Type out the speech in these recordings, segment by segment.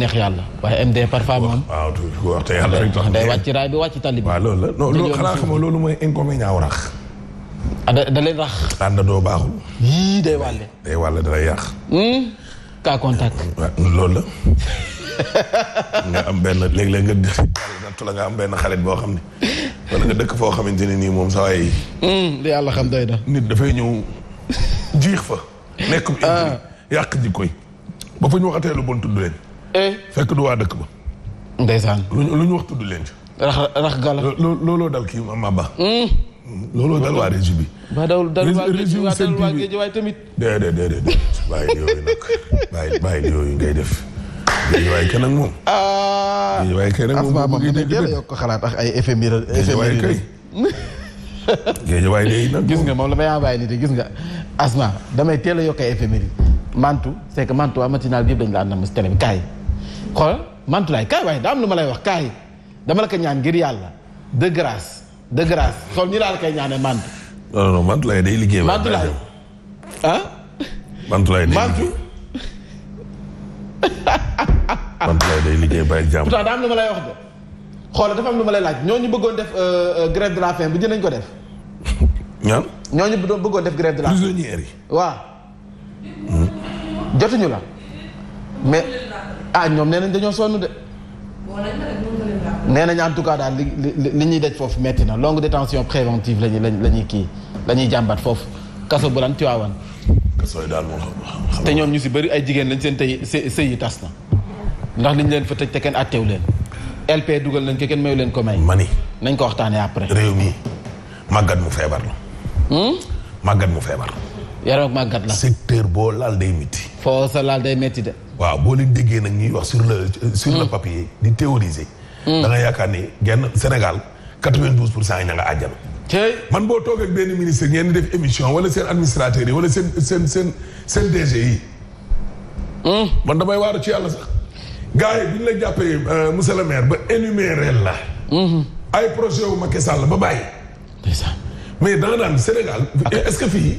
neex yàlla waaye MD parfois moom. waaw tuuti wax te yàlla rek day wàcc raay bi wàcc tali waaw loolu la non loolu xanaa xam nga loolu mooy inconvénient rax. ah da da leen baaxul. yii day wàlle. day wàlle da lay yàq. Hmm? kaa contact. loolu la. nga am benn léeg-léeg nga nattu la am benn xarit boo xam ne. wala nga dëkk foo xamante ne nii moom saa yi. Hmm, yàlla xam doy na. nit dafay ñëw jiix fa. nekk ah. yàq jikko yi ba fa waxatee lu bon tudd leen. Eh. fekk du waa dëkk ba. ndeysaan lu ñu wax tudd leen ci. rax rax gala. looloo dal kii ma ba. Hmm. looloo dal waa régie bi. waa dawul dal waa régie waa dal waa géej waaye tamit. déedéet déedéet bàyyi yooyu nag bàyyi bàyyi yooyu ngay def. géej waaye kenn ak moom. Ah. géej waaye kenn ak moom mu ngi dégg ko xalaat ak ay éphéméride. géej waaye kay. géej waaye day nag gis nga moom la may envoyé nit gis nga asma damay teel a yokk ay éphéméride. mantu c'est que mantu waa matinal bi yëpp dañu la àndal si télé bi kaay. xoolal Mantoulaye kaay waaye daa am lu ma lay wax kaay dama la ko ñaan ngir yàlla de grâce de grâce xool ñu laa la koy ñaanee Mantu. non non day liggéey. Mantoulaye ah. Mantoulaye day liggéey Mantoulaye day liggéey bàyyi daa am lu ma lay wax de xoolal dafa am lu ma lay laaj ñoo ñu bëggoon def euh, euh, grève de la faim bu dinañ ko def. ñaan ñooñu bëggoon def grève de la faim prisonniers yi. waaw. Hmm? jotuñu la mais. ah ñoom nee dañoo sonn de. nee nañ en daal li ñuy daj foofu metti na longue détention préventive lañuy lañuy kii la ñuy jàmbat foofu kaso bu lan Tiwaawan. kaso yi daal te ñoom ñu si bëri ay jigéen lañ seen tey sëy yi tas na. ndax liñ leen fa tëj te kenn àtteewu leen. LP dugal nañ ko kenn mayu leen ko may. mani nañ ko waxtaanee après. réew mi màggat mu feebar la. Hmm? màggat mu feebar. yaram ak màggat la. secteur boo laal day métti. foo sa laal day metti de. waaw boo leen déggee nag ñuy wax sur le sur le mm. papier di théoriser mm. da nga yaakaar ni genn Sénégal quatre vingt pour cent yi ña nga àjjana man boo toog ak benn ministre ngeen di def émission wala seen administrateurs yi wala seen seen seen seen DG mm. man damay waaru ci yàlla sax gars yi bi la jàppee euh, monsieur le maire ba énuméré la mm-hmm. ay projet wu Macky Sall ba bàyyi mais da nga Sénégal est-ce que fii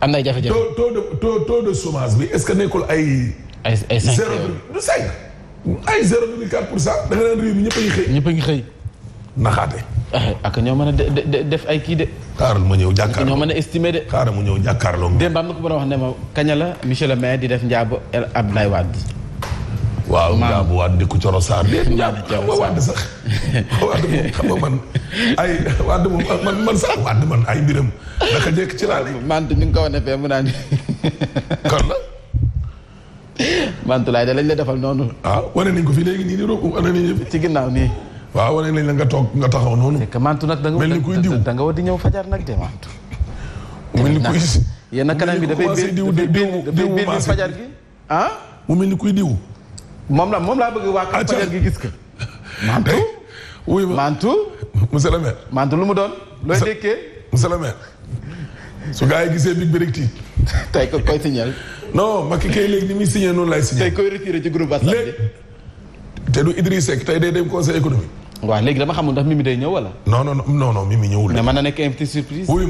am na jafe-jafe taux de taux de chômage bi est-ce que nekkul ay ay ay cinq zéro du cinq ay zéro virgule quatre pour cent ngi xëy. ñëpp ngi xëy. naxaate. Eh, ak ñoo mën a de def ay kii de. xaaral ma ñëw jàkkaarloo ñoo mën a estimé de. xaaral ñëw jàkkaarloo. na ko mën a wax ne ma kaña la monsieur le maire di def njaabu Abdoulaye Wade. waaw njaabu Wade di ku coro saar de. njaabu coro saar Wade sax Wade moom man sax Wade man ay mbiram naka jekk ci laa man ni nga ko wane fee mu naan. kon Mantoulaye da lañ la defal noonu. ah wane nañ ko fi léegi nii nii rob ci ginnaaw nii. waaw wane nañ la nga toog nga taxaw noonu. c'est que Mantou nag da nga. mel ni kuy diw da nga war di ñëw fajar nag de Mantou. mel ni kuy yenn kanam bi dafay biir dafay biir bi fajar gi. ah mu mel ni moom la moom laa bëgg waa kër gi gis ka Mantou. Eh, wuy ma lu mu doon. looy dékkee monsieur le su gaa yi gisee big bi rek tiit. tey ko non Macky kay léegi ni muy signé noonu laay signé. tey koy retiré ci groupe WhatsApp bi te du Idriss Seck tey day dem conseil économique. waaw léegi dama xamul ndax Mimi day ñëw wala. non non non non Mimi ñëwul. mais mën na nekk invité surprise. wuyu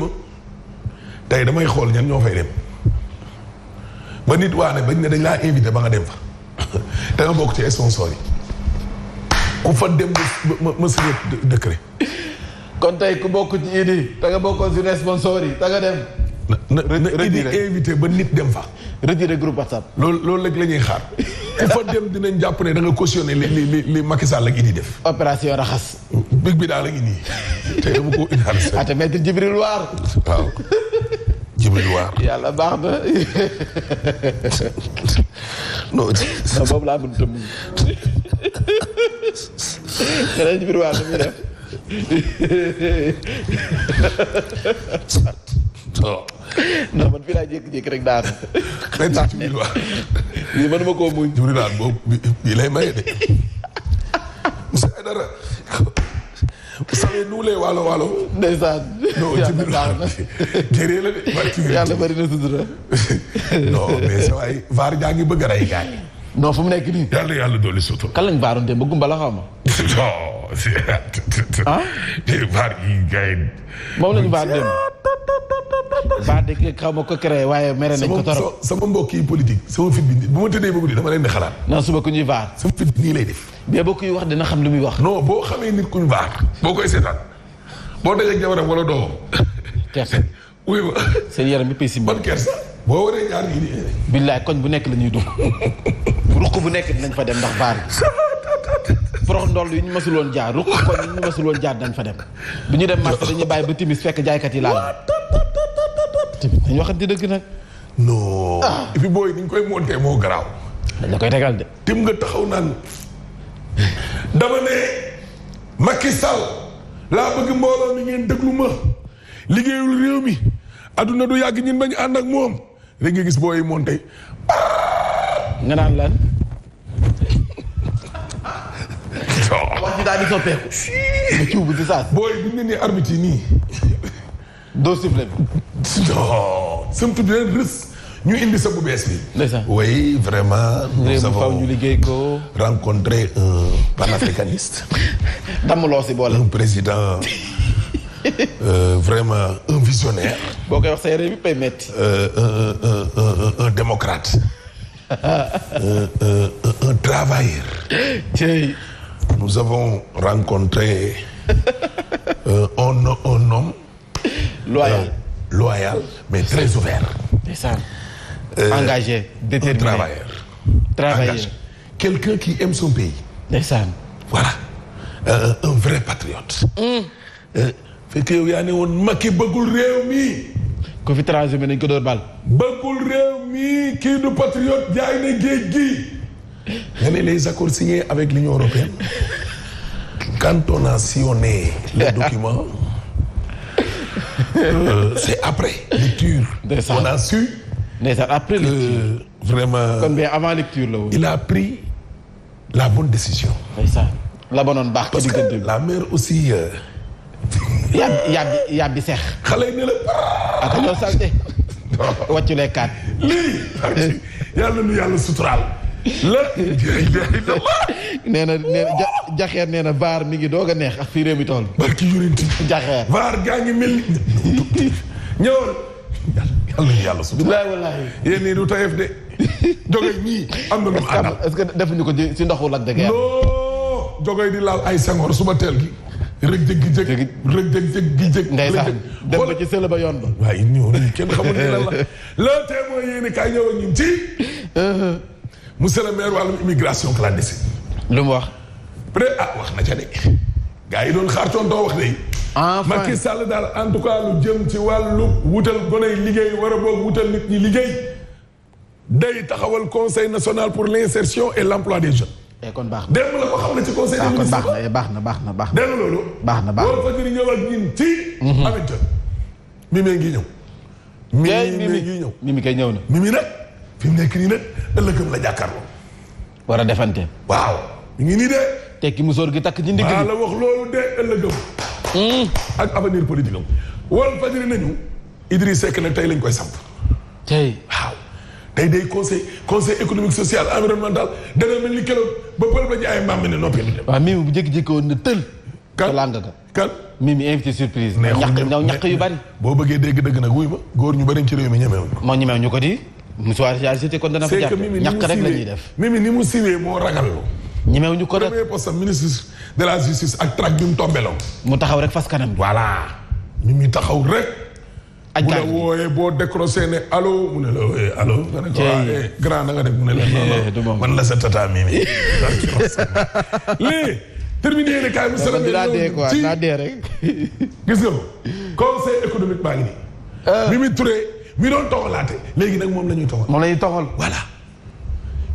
tey damay xool ñan ñoo fay dem ba nit waa ne dañ laa invité ba nga dem fa da nga bokk ku fa dem ma ma signé décret. ku bokk ci Idi da nga bokkoon yi da nga dem. na ba nit dem fa. retiré groupe WhatsApp. lool loolu léegi la ñuy xaar ku fa dem dinañ jàpp ne da nga cautionné li li li li def. opération raxas. big bi daal ak Idi te dama ko indaale seen. ate maître baax na. non. non boobu laa mënut a mën. xanaa Djibril non man fii laa jékki-jékki rek daanu. xëy na ci biir waa. lii mënuma koo muñ. jiw daal boobu bii lay maye de. monsieur Aidara. vous savez nous waalo waalo. ndeysaan. non ci la de. bari na sutura. non mais sa ngi bëgg a rey gars fu mu nekk nii. yàlla yàlla dolli sutura. kan lañ vaaroon te ba gumba la xaw ma. non. Ah? moom lañ vaar dem. ba de xaw ma ko créé waaye mere nañ ko sama mbokk yi politique sama fit bi bu ma tëddee bëgg dama leen di xalaat non suba ku ñuy vaar sama fit bi nii lay def mais boo koy wax dina xam lu muy wax non boo xamee nit ku ñu vaar boo koy seetaan boo dajee jabaram wala doomam kersa uy seen yaram bi pay si ban kersa boo waree ñaar yi di koñ bu nekk la ñuy dugg ruq bu nekk dinañ fa dem ndax vaar prox ndoll yi ñu mësuloon jaar ruq koñ yi ñu mësuloon jaar dañ fa dem bu ñu dem marché dañuy bàyyi ba timis fekk jaaykat yi laal tamit dañu waxante dëgg nag. non. ah booy ni koy monté moo garaaw. dañ koy tegal de. tim nga taxaw naan dama ne Macky Sall laa bëgg mbooloo mi ngeen ma liggéeyul réew mi adduna du yàgg ñun bañ ànd moom rek nga gis booy monté. nga naan lan. wax ji daal di soppeeku. nga ciw booy bu ñu nee arbitre yi nii. doo sifflet non sëñ tudd leen rës ñu indi sa bu bees bi. oui vraiment. nous avons ñu liggéey ko. un président euh, vraiment un visionnaire. koy wax sa yére bi pay un euh, démocrate. un un un nous avons rencontré euh, un homme. loyal. loyal mais très ouvert. Euh, engagé déterminé un travailleur. travailleur engagé quelqu'un qui aime son pays. ndeysaan. voilà euh, un vrai patriote. Mm. Euh, fekk yow yaa ne woon Macky nañ ko door bal. bëggul réew mi kii du patriote jaay avec l'Union européenne. quand on a euh, c'est après lecture. on a su. ndeysaan après lecture vraiment. kon bien avant lecture la woon. il a pris la bonne décision. la ba noon la mère aussi. Euh, yab yab yabbi la. ak ñoo salté. wàccu lekkaat. lii. yàlla nu yàlla suturaal. la nee na nee na jaxeer nee na vaar mi ngi doog a neex ak fii réew mi tool barki yurinti jaxeer vaar gaa ngi mel ni ñëwal yàlla yàlla su bilaay wallaahi yéen nii am na ko ci ndoxu lak de di laal ay sangoor suba teel gi rëg jëg gi jëg rëg jëg jëg ba ci sëla yoon ba waaye ñëw kenn xamul la la le témoin yéen kaay ñëw a ñun ci uh-huh. monsieur le maire wàllum immigration clandestine. lu mu wax. pré ah wax na ca de gars yi doon xaar tontoo wax de. ah Macky Sall daal en tout cas lu jëm ci wàllu wutal gone yi liggéey war a boog wutal nit ñi liggéey. day taxawal conseil national pour l'insertion et l'emploi des jeunes. eh kon baax na démb la ko xam ne ci conseil. des ah, ministres kon eh, baax na baax na baax na. dégg loolu. baax na baax na loolu fa jëriñ ñëw ak ñun ci. amit jot. mi mee ngi ñëw. mi mi ngi ñëw mi na fi mu nekk nii nag ëllëgëm la jàkkaarloo. war a defante. waaw ñu ngi nii de. tekki musóor gi takk ci di ndigg la wax loolu de ëllëgëm. Hmm. ak avenir politique am. wal fajiri nañu. Idriss Seck nag tey lañ koy samp. tey waaw. tey day conseil conseil économique social environnemental dana mel ni keroog ba pël ba ñu ay maam mi ne noppi. waaw mii bu jékki-jékki woon na tël. kan langa kan mi mi invité surprise. ñaq ñaq yu bari. boo bëggee dégg dëgg nag wuy ma góor ñu bari ci réew mi ñemewuñ ko. moo ñu ko di. Moussa Diagne cité kon dana fa jàpp ñàkk rek la ñuy def. mimi ni mu siwee moo ragallu. ñemewu ñu ko rek premier poste ministre de la justice ak trac mu tombeloo mu taxaw rek fas kanam bi. taxaw rek. aj bu la wooyee boo décroché ne allo mu ne la wooyee eh, allo. nga ne ko waaye ah, eh, grand na nga def man la sa tata mimi. lii. terminé yéen a kaay mu sële. dinaa dee rek. gis nga ko conseil économique baa ngi nii. Euh. Mimi Touré. mi doon léegi nag moom la ñuy toxal. moom la ñuy toxal. voilà.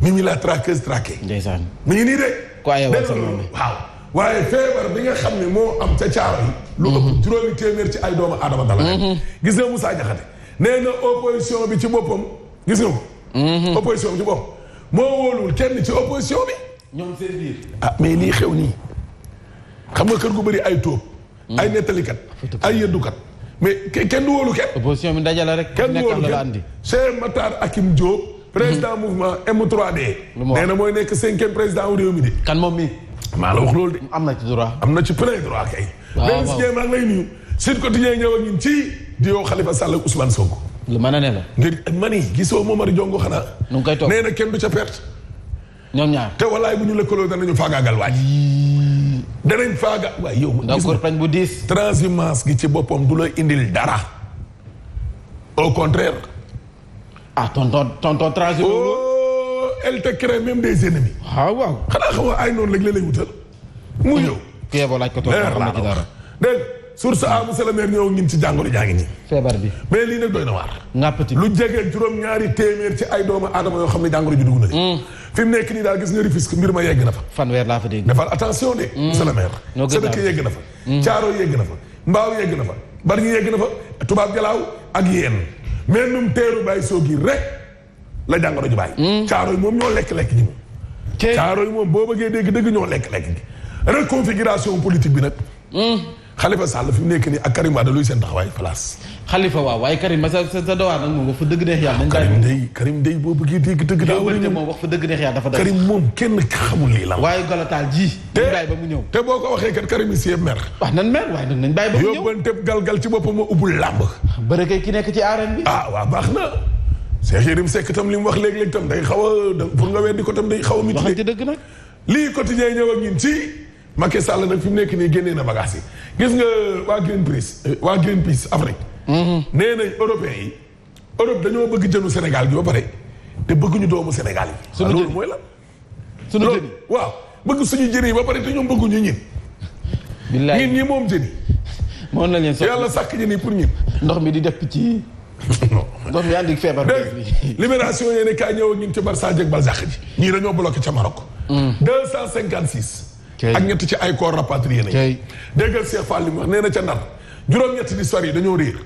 Mimi la traqueuse traquée. ndeysaan mi ngi nii de. quoi yeewal sa moom waaw. waaye feebar bi nga xam ne moo am ca caaro yi. lu ëpp mhm. juróomi téeméer ci ay doomu aadama dala nekk. Mhm. gis nga Moussa Diakhaté nee na opposition bi ci boppam gis nga ko. Mhm. opposition bi ci boppam moo wóolul kenn ci opposition bi. ñoom seen ah, lii xew nii. xam nga kër gu bëri ay tóob. ay nettalikat ay yëddukat. mais kenn du wóolu kenn. opposition bi dajale rek. kenn du wóolu kenn Cheikh Matar Akim Diop. président mhm. mouvement M3D. lu ma na mooy nekk cinquième président wu réew moom mi wax loolu am na ci droit. am na ci plein droit kay. waaw waaw mais si maa ngi lay nuyu. Sud Quotidien ñëw ak ñun ci di yow Khalifa Sall ak Ousmane Sonko. lu mën a ne la. ngir mani gisoo Momar Diongo xanaa. nu ngi koy toog nee na kenn du ca perte. ñoom ñaar te walaay bu ñu lëkkaloo danañu faagaagal waaj. danañ faaga waaye yow. gis nga bu diis. transhumance gi ci boppam du la indil dara. au contraire. ah tonton tonton transhumance. oh elle te crée même des ennemis. ah waaw. xanaa xam nga ay noonu rek la lay wutal. mu ñëw. Kébo laaj ko toog xam ci dara. dégg nga source a monsieur le maire ñëw ngin ci jàngoro jaa ngi nii. feebar bi mais lii nag doy na waar. lu jege juróom-ñaari téeméer ci ay doomu aadama yoo xam ne jàngoro ji dugg na leen. fi mu nekk nii daal gis nga Rufisque mbir ma yegg na fa. fanweer laa fa dégg. defal attention de. monsieur mm. le maire. yegg na fa. Caaro mm. yegg na fa. Mbaaw yegg na fa. Bargny yegg na fa. Tubaab Jalaaw ak yéen. mais num teeru bàyyi soo gi rek la jàngoro ju bàyyi. Caaro mm. yi moom ñoo lekk-lekk ji moom. Caaro yi moom boo bëggee dégg dëgg ñoo lekk-lekk ji reconfiguration politique bi nag. Khalifa Sall fi mu nekk nii ak Karim Wade luy seen taxawaay place. Khalifa waaw waaye Karim ba sa sa dowaar nag moom wax fa dëgg neex yàlla. Karim day Karim day boo bëggee dégg dëgg. daa wala moom wax fa dëgg neex yàlla dafa doy. Karim moom kenn xamul lii lan. waaye Galatal ji. te ba mu ñëw. te boo ko waxee kat Karim si mer. wax nan mer waaye nag nañ bàyyi ba mu ñëw yóbbante galgal ci boppam ma ubbul làmb. bëri kay ki nekk ci arène bi. ah waaw baax na. Cheikh Yérim Seck tam li mu wax léeg-léeg tam day xaw a pour nga weddi ko tam day xaw a miti. waxante dëgg nag. lii quotidien ñëw ak ñun ci Macky Sall nag fi mu nekk nii génnee na bagage yi gis nga waa Greenpeace euh, waa Greenpeace Afrique. Mhm. nee nañ européens yi Europe dañoo bëgg jënu Sénégal bi ba pare te bëgguñu doomu Sénégal yi. suñu ah, loolu mooy la. suñu jën bëgg suñu jën yi ba pare te ñoom bëgguñu ñin. billaay ñin ñi moom jën yi. moom la leen soxla yàlla sàkk jën yi pour ñin. ndox mi di def ci. ndox mi andi feebar. dégg libération yéen a kaay ñëw ak ñu ngi ci Barça ak Barzakh ji. ñii dañoo bloqué ca Maroc. 256. Mm. ak ñett ci ay corps rapatrié nañ déggal Cheikh Fall li mu wax nee na ca Ndar juróom-ñetti di sori dañoo réer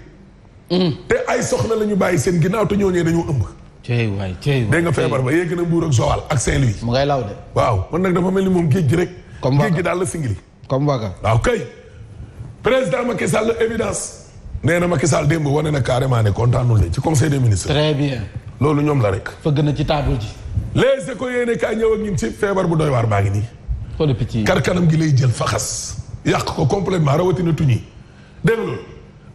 mm. te ay soxna la ñu bàyyi seen ginnaaw te ñooñee dañoo ëmb cey waay cey waay dégg nga feebar na Mbuur ak Joal ak Saint-Louis mu ngay law de waaw man nag dafa mel ni moom géej gi rek géej gi daal la singili comme waga waaw kay président Macky Sall évidence nee na Macky Sall démb wane na carrément ne kontaanul de ci conseil des ministres très bien loolu ñoom la rek fëgg na ci table ji les éco yéene kaa ñëw ak ñun ci feebar bu doy waar baa ngi nii xooli picc yi kar kanam gi lay jël faxas yàq ko complètement rawatina tuñi dégg nga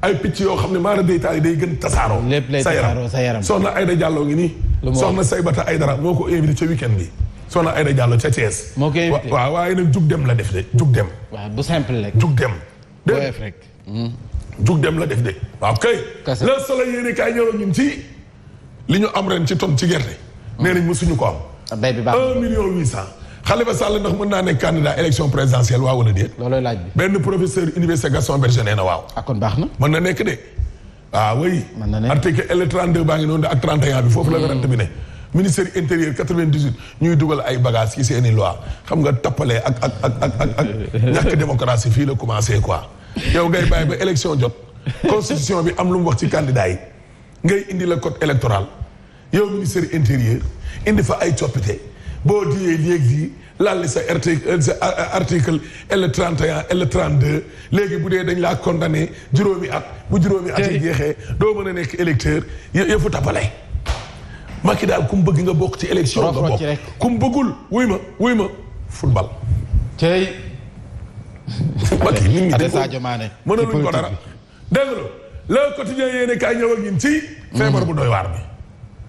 ay picc yoo xam ne maanaam daytaal yi day gën tasaaroo. lépp lay tasaaroo jàlloo yaram soxna Aida Diallo ngi nii. lu soxna Saybata dara moo ko invité ca weekend bi. soxna Aida Diallo ca Thiès. moo koy invité waaw waaye nag jug dem la def de jug dem. waaw bu simple jug dem. dégg rek. Hmm. dem la def de. waaw kay. kese la solo yéene kaay ñëw ñun ci. li ñu am ren ci tonne ci gerte. Hmm. nee nañ mësuñu ko am. bay bi Khalifa Sall ndax mën naa nekk candidat élection présidentielle waaw wala déet. loolooy laaj bi benn professeur université Gaston Berger na waaw. ah na. mën na nekk de. ah oui. mën na nekk article l baa ngi noonu ak 31 bi foofu la werante bi ne. ministère intérieur 98 ñuy dugal ay bagages ci seeni loi xam nga tappale ak ak ak ak ak ak ñàkk démocratie fii la commencé quoi. yow ngay bàyyi ba élection jot constitution bi am lu mu wax ci candidat yi ngay indi la code électoral yow ministère intérieur indi fa ay coppite. boo diyee léegi di lalli sa article euh, sa euh, article L trente et L léegi bu dee dañ laa condamné juróomi at bu juróomi at yi jeexee doo mën a nekk électeur yëfu tapale Macky daal ku mu bëgg nga bokk ci élection nga bokk ku bëggul wuy ma wuy ma football tey Macky nit ñi Sadio Mané mënaluñ ko dara dégg nga le quotidien yéene kaay ñëw ak ñun ci mm. feebar bu doy waar bi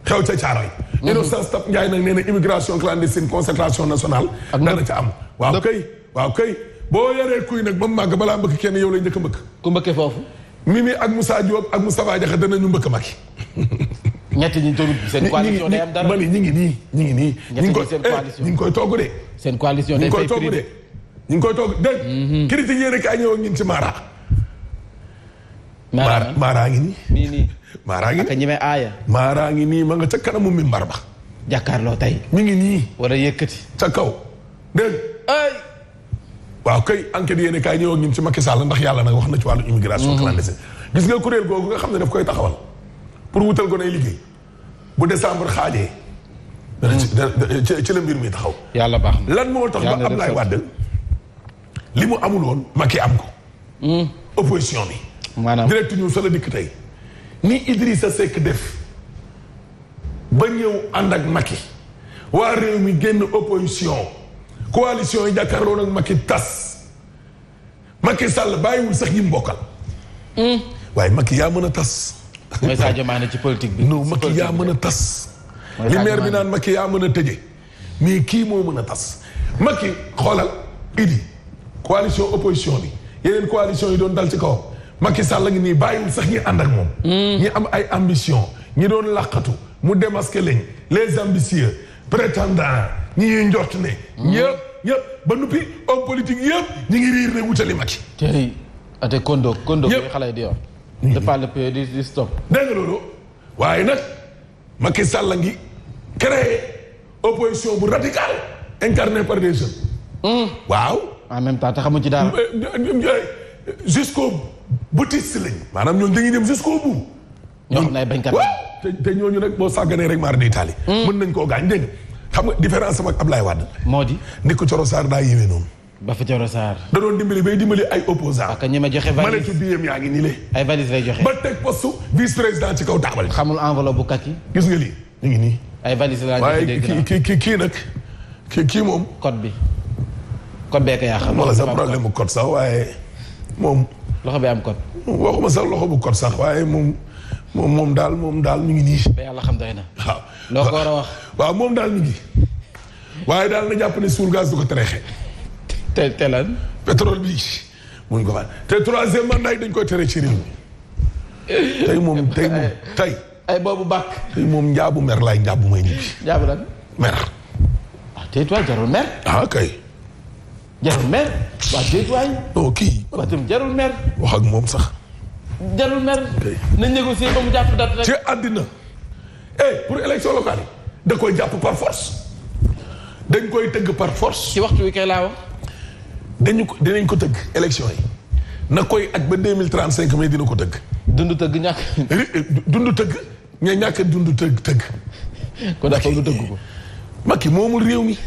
xew ca caaral innocence tap Ndiaye nag nee na immigration clandestine concentration nationale dana ca am waaw kay waaw kay boo yoree kuy nag ba mu màgg balaa mbëkk kenn yow lay njëkk a mbëkk ku mbëkkee foofu Mimi ak Moussa Diop ak Moustapha Diakhaté danañu mbëkk Macky ñett ñi doon seen coalition day am dara ma ni ñi ngi nii ñi ngi nii ñi ngi koy eh, ñi ngi koy togg de seen coalition day koy togg de ñi ngi koy togg dégg mhm. critique yéen rek ay ñëw ak ñin ci Mara Mara Mara ngi nii maaraa ngi ñeme aaya maaraa ngi nii ma nga ca kanamu mimbar ba jàkkaarloo tey mu ngi nii war a yëkkati ca kaw dégg ay waaw kay enquête yéene kaay ñëw ak ñun ci makki Sall ndax yàlla nag wax na ci wàllu immigration mm-hmm. clandestine gis nga kuréel googu nga xam ne daf koy taxawal pour wutal ko nay liggéey bu décembre xaajee mm-hmm. ci la mbir mi taxaw yàlla baax na lan moo tax ba Ablaye Wade li mu amul woon Macky am ko mm-hmm. opposition bi maanaam direct ñu sala dikk tey ni Idrissa sekk def ba ñëw ànd ak Macky waa réew mi génn opposition coalition yi jàkkaarloo nag Macky tas makki Sall bàyyiwul sax yi mbokal hmm. waaye Macky yaa mën a tas mooy Sadio ci politique bi non Macky yaa mën a tas li maire bi naan Macky yaa mën a tëje mais kii moo mën a tas Macky xoolal idi coalition opposition bi yeneen coalition yi doon dal ci kawam Macky Sall ngi nii bàyyiwul sax ñi ànd ak moom. Hmm. ñi am ay ambition ñi doon làqatu mu démasqué leen les ambitieux prétendants ñi ñuy njort ne. ñëpp hmm. ñëpp ba nuppi homme politique yëpp ñi ngi riir ne wutali Macky. tey ate kondo kondo. yëpp xale yi di de waaye nag Macky Sall ngi créé opposition bu radicale incarnée par des jeunes. Hmm. waaw. en même temps taxamu ci dara. jusqu'au boutiste lañ maanaam ñooñu dañuy dem jusqu'au bout. ñoo xam ne ay bañkat te ñooñu nag boo sàgganee rek maar di taali. Hmm. mën nañ koo gaañ dégg xam nga différence am ak Ablaye Wade. moo di. ni ko Coro Sarr daa yéeme noonu. ba fa Coro Sarr. da doon dimbali bay dimbali ay opposants. parce que ñi ma joxe ngi nii le. ay joxe. ba teg poste vice président ci kaw taabal. xamul enveloppe bu kaki. gis nga lii ñu ngi nii. ay valise laa joxe dégg kii kii kii nag kii moom. code bi code bee ko yaa xam. wala sa problème mu code waaye moom loxo bi am code. waxuma sax loxo bu code sax waaye moom moom moom daal moom daal ñu ngi nii. ba yàlla xam doy na. waaw loo a wax. waaw moom daal ñu ngi waaye daal na jàpp ne suul gaz du ko tereexe. te te lan. pétrole bi ko fa te troisième mandat yi dañ koy tere ci tey moom tey moom tey. ay boobu bàq. tey moom njaabu mer laay njaabu may ñibbi. njaabu lan mer. Ah, tey tool jarul mer. Ah, jarul mer waa déet waay. non kii. waa tamit jarul mer. wax ak moom sax. jarul mer. nañ négocier ba mu jàpp date rek. ci àddina. eh pour élection locale yi. da koy jàpp par force. dañ koy tëgg par force. ci waxtu wi kay laa wax. dañu ko dinañ ko tëgg élection yi. na koy ak ba deux mille trente cinq dina ko tëgg. dund tëgg ñàkk. Eh, tëgg. ña ñàkk dund tëgg tëgg. kon dafa lu tëgg ko. Macky moomul réew mi.